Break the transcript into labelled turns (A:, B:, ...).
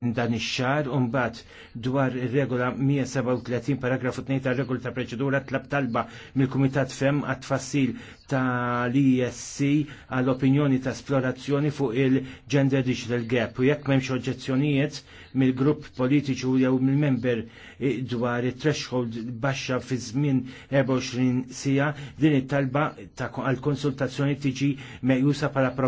A: dan ix u mbagħad dwar ir-regola 137 paragrafu 2 tar-regola ta' Preċedura tlab talba mill-Kumitat Fem għat tfassil tal-ISC għall-opinjoni ta' esplorazzjoni fuq il-Gender Digital Gap u jekk m'hemmx oġġezzjonijiet mill-grupp u jew mill-member eh, dwar it-threshold baxxa fi żmien 24 sija din it-talba għall konsultazzjoni tiġi
B: meqjusa bħala